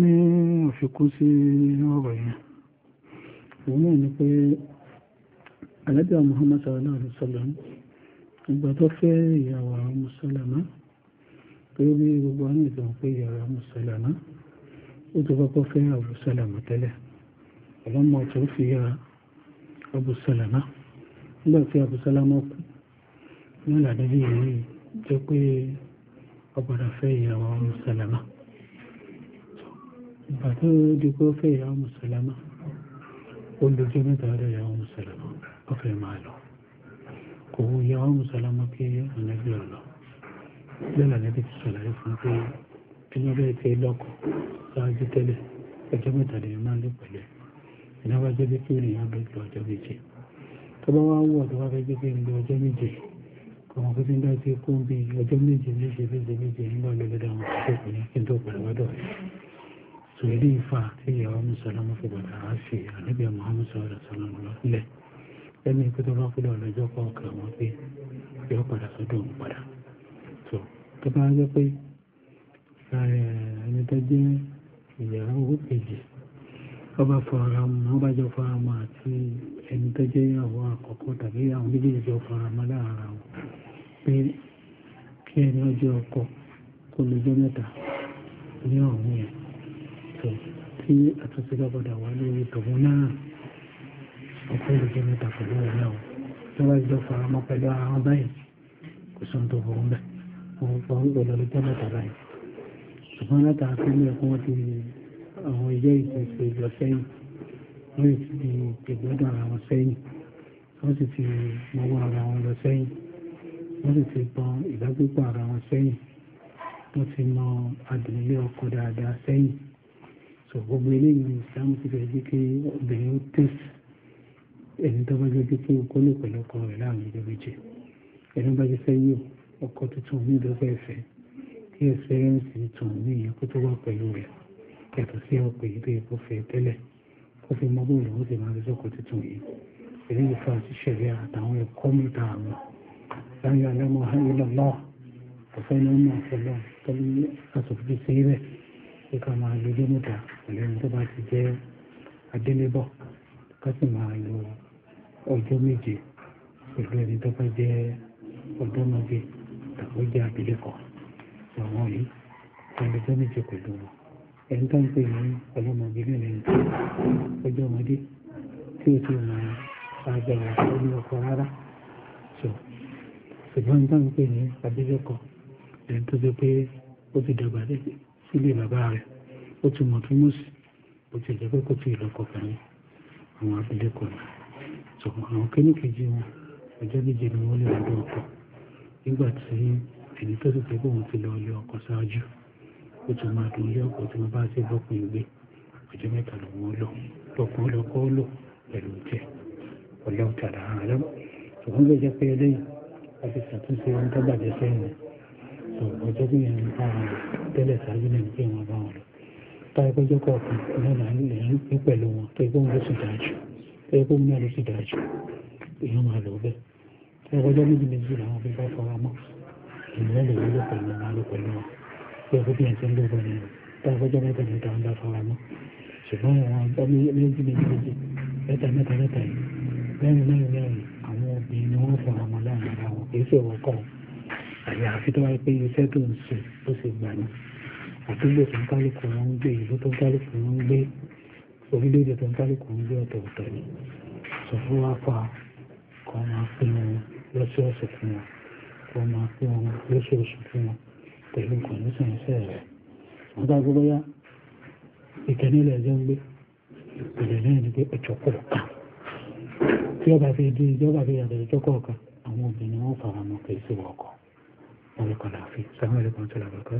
ní àfikún sí ọ̀rọ̀ yẹn òun náà ni pé alábíà Muhammad sallallahu alaihi wasallam ìgbà tó fẹ́ ìyàwó àwọn mùsùlùmá pé bí gbogbo àwọn ìtàn pé ìyàwó àwọn mùsùlùmá ó ti kọ́kọ́ fẹ́ Abu Salama tẹ́lẹ̀ ọlọ́mọ tó fi ya Abu nígbà tí Abu kú ní àlàdé yìí jẹ́ pé ọgbàdà fẹ́ ìyàwó àwọn mùsùlùmá ìgbà tó di pé ó fẹ́ ìyàwó mùsùlùmá ó lójú mẹ́ta ọ̀dọ̀ ìyàwó mùsùlùmá ó fẹ́ máa lọ kò wú ìyàwó mùsùlùmá pé ànábì ọ̀lọ́ lọ́la níbi ti sọ̀làyé fún pé ẹni ọ̀dọ̀ ti lọ́kọ̀ láàájú tẹ́lẹ̀ ọjọ́ mẹ́ta lè máa lé pẹ̀lú ẹ̀ ìnáwó ajé bí kí ènìyàn bẹ lọ ọjọ́ méje tó bá wá wọ̀ tó bá fẹ́ gbé pé ń lọ ọjọ́ méje kọ̀ọ̀kan tó ti méje ilé ìfà tí ìyàwó mùsùlùmí fi bàtà á fi ànábì Muhammad sọ̀rọ̀ sọ̀rọ̀ lọ́lẹ̀ lẹ́nu ikú tó bá kú lọ lọ́jọ́ kọ̀ọ̀kan wọn pé yóò padà sọ́dọ̀ òun padà tó tó bá yẹ pé ẹni tó jẹ́ ìyàwó kejì ọba fọ́ra mọ́ bá jọ fọ́ra mọ́ àti ẹni tó jẹ́ ìyàwó àkọ́kọ́ tàbí àwọn méjèèjì jọ fọ́ra mọ́ láàárọ̀ wọn pé kí ẹni ọjọ́ ọkọ kó lè jọ mẹ́ta ní ọ̀hún yẹn lẹ́tọ̀ọ́ tí àtúnṣe bá padà wá lórí tòun náà ọ̀pọ̀ ìrìnjẹ́ mẹ́ta pẹ̀lú ẹ̀rẹ́ o tí wọ́n jọ fara mọ́ pẹ̀lú àwọn báyìí kò sóhun tó burú mẹ́ wọ́n fọ́ ń gbọ́dọ̀ lọ́jọ́ mẹ́ta báyìí ṣùgbọ́n láta àfihàn ẹ̀kọ́ wọn ti àwọn ilé ìṣẹ̀ṣẹ̀ ìjọ sẹ́yìn wọ́n sì ti tẹ̀gbọ́dọ̀ ara wọn sẹ́yìn wọ́n sì ti mọ́wọ́ ara wọn lọ sẹ́yìn wọ́n sì ti bọ́n ìdágbépọ̀ ara wọn sẹ́yìn wọ́n ti mọ adìmílẹ̀ ọkọ̀ dáadáa sẹ́yìn so gbogbo eléyìí ní ìsìlámù ti fẹ́ jẹ́ kí obìnrin ó tẹ̀sí ẹni tó bá jẹ́ pé kí ó kólé pẹ̀lú ọkọ rẹ̀ láàrin ìjọ méje ẹni bá jẹ́ fẹ́ yíò ọkọ tuntun ní ìdọ́fẹ́ ẹ̀fẹ́ kí ẹ̀sẹ̀rẹ́ǹsì tún ní ìyẹn kó tó wà pẹ̀lú rẹ̀ yàtọ̀ sí ọ̀pẹ̀ yìí tó yẹ kó fẹ́ tẹ́lẹ̀ kó fi mọ́ bóòlù ó sì máa fi sọ́kọ tuntun yìí èyí yìí fa ṣíṣẹ̀lẹ̀ àtàwọn ẹ̀kọ́ mẹ́ta àwọn láyé alámọ̀ ayélujára ọ̀fẹ́ ní ọmọ ọ̀fẹ́ lọ tọ́lú àtòkùtù sí ibẹ̀ pé ká máa lo ọjọ́ mẹ́ta pẹ̀lú ẹni tó bá ti jẹ́ adélébọ̀ ká sì máa lo ọjọ́ méje pẹ̀lú ẹni tó bá jẹ́ ọ̀dọ́mọdé tàbí ó jẹ́ abilékọ àwọn yìí pẹ̀lú ọjọ́ méje pẹ̀lú wọn ẹni tó ń pè ní ọlọ́mọdé lẹ́nu ẹni tó ọjọ́ ọmọdé tí ó ti mọ agbára lórí ọkọ rárá ṣùgbọ́n ẹni tó ń pè ní abilékọ ẹni tó ṣe pé ó ti dàgbà lẹ́sẹ̀ sílé bàbá rẹ̀ ó ti mọ̀ tó mọ̀ sí bó ti jẹ́ pé kò tí ì lọ́kọ̀ pẹ̀lú àwọn abilékọ rẹ̀ tó àwọn kíní kejì wọn ọjọ́ méje ni wọ́n lè lọ́dọ̀ ọkọ nígbà tí ẹni tó sì fẹ́ pé wọ́n ti lọ ilé ọkọ ṣáájú ó ti máa dùn ilé ọkọ tí wọ́n bá ṣe bọ́kùn ìgbé ọjọ́ mẹ́ta lòun lọ lọ́kùn lọ́kọ́ lò pẹ̀lú jẹ́ ọlọ́ọ̀tà làárọ̀ ṣùgbọ́n ló jẹ́ pé eléyìí a ṣàtúnṣe ohun tó bàjẹ́ sẹ́yìn ọjọ́ bí yẹn ń bá wọn lò tẹ́lẹ̀ sáájú náà bí wọ́n bá wọn lò táyé pẹ́jọ́ kọ̀ọ̀kan náà lè ń pín pẹ̀lú wọn tó ẹgbẹ́ wọn ló sì dáa jù tó ẹgbẹ́ wọn náà ló sì dáa jù èèyàn máa lò bẹ́ẹ̀ tó ẹgbẹ́ ọjọ́ méjì méjì làwọn fi bá fara mọ́ èèyàn lè wúlò pẹ̀lú wọn lò pẹ̀lú wọn tó ẹgbẹ́ bí yẹn ti ń lò bẹ́ẹ̀ nìyẹn táyé pẹ́jọ́ mẹ́ta mẹ́ta ń bá fara mọ́ ṣùgbọ́n àwọn ọjọ́ méjì méjì méjì mẹ́ta mẹ́ta mẹ́ta yìí mẹ́rin mẹ́rin mẹ́rin àwọn obìnrin ni wọ́n fara mọ́ láàrin ara wọn kì í ṣe ìwọ́kọ̀ọ́ àyàfi tó wáyé pé iṣẹ́ tó ń ṣe ló ṣe gbà ní àdúgbò tó ń kálukú wọn ń gbé ìlú tó ń kálukú wọn ń gbé orílẹ̀-èdè tó ń kálukú wọn ń gbé ọ̀tọ̀ọ̀tọ̀ ni sọ fún wa fa kọ́ máa pín wọn lọ́sọ̀ọ̀sẹ̀ fún wọn kọ́ máa pín wọn lóṣooṣù fún wọn pẹ̀lú kọ̀ǹdíṣàn iṣẹ́ rẹ̀ wọ́n bá gbọ́ bóyá ìkẹ́nílẹ̀ ẹ̀jẹ̀ ń gbé ìpìlẹ̀ náà ni pé ẹ̀jọ̀ kọ̀ọ̀kan tí ọba fi di ìjọba fi yàtọ̀ ìjọ kọ̀ọ̀kan àwọn obìnrin wọn fara mọ́ kì í sí ọkọ̀ o lo conocí, Samuel la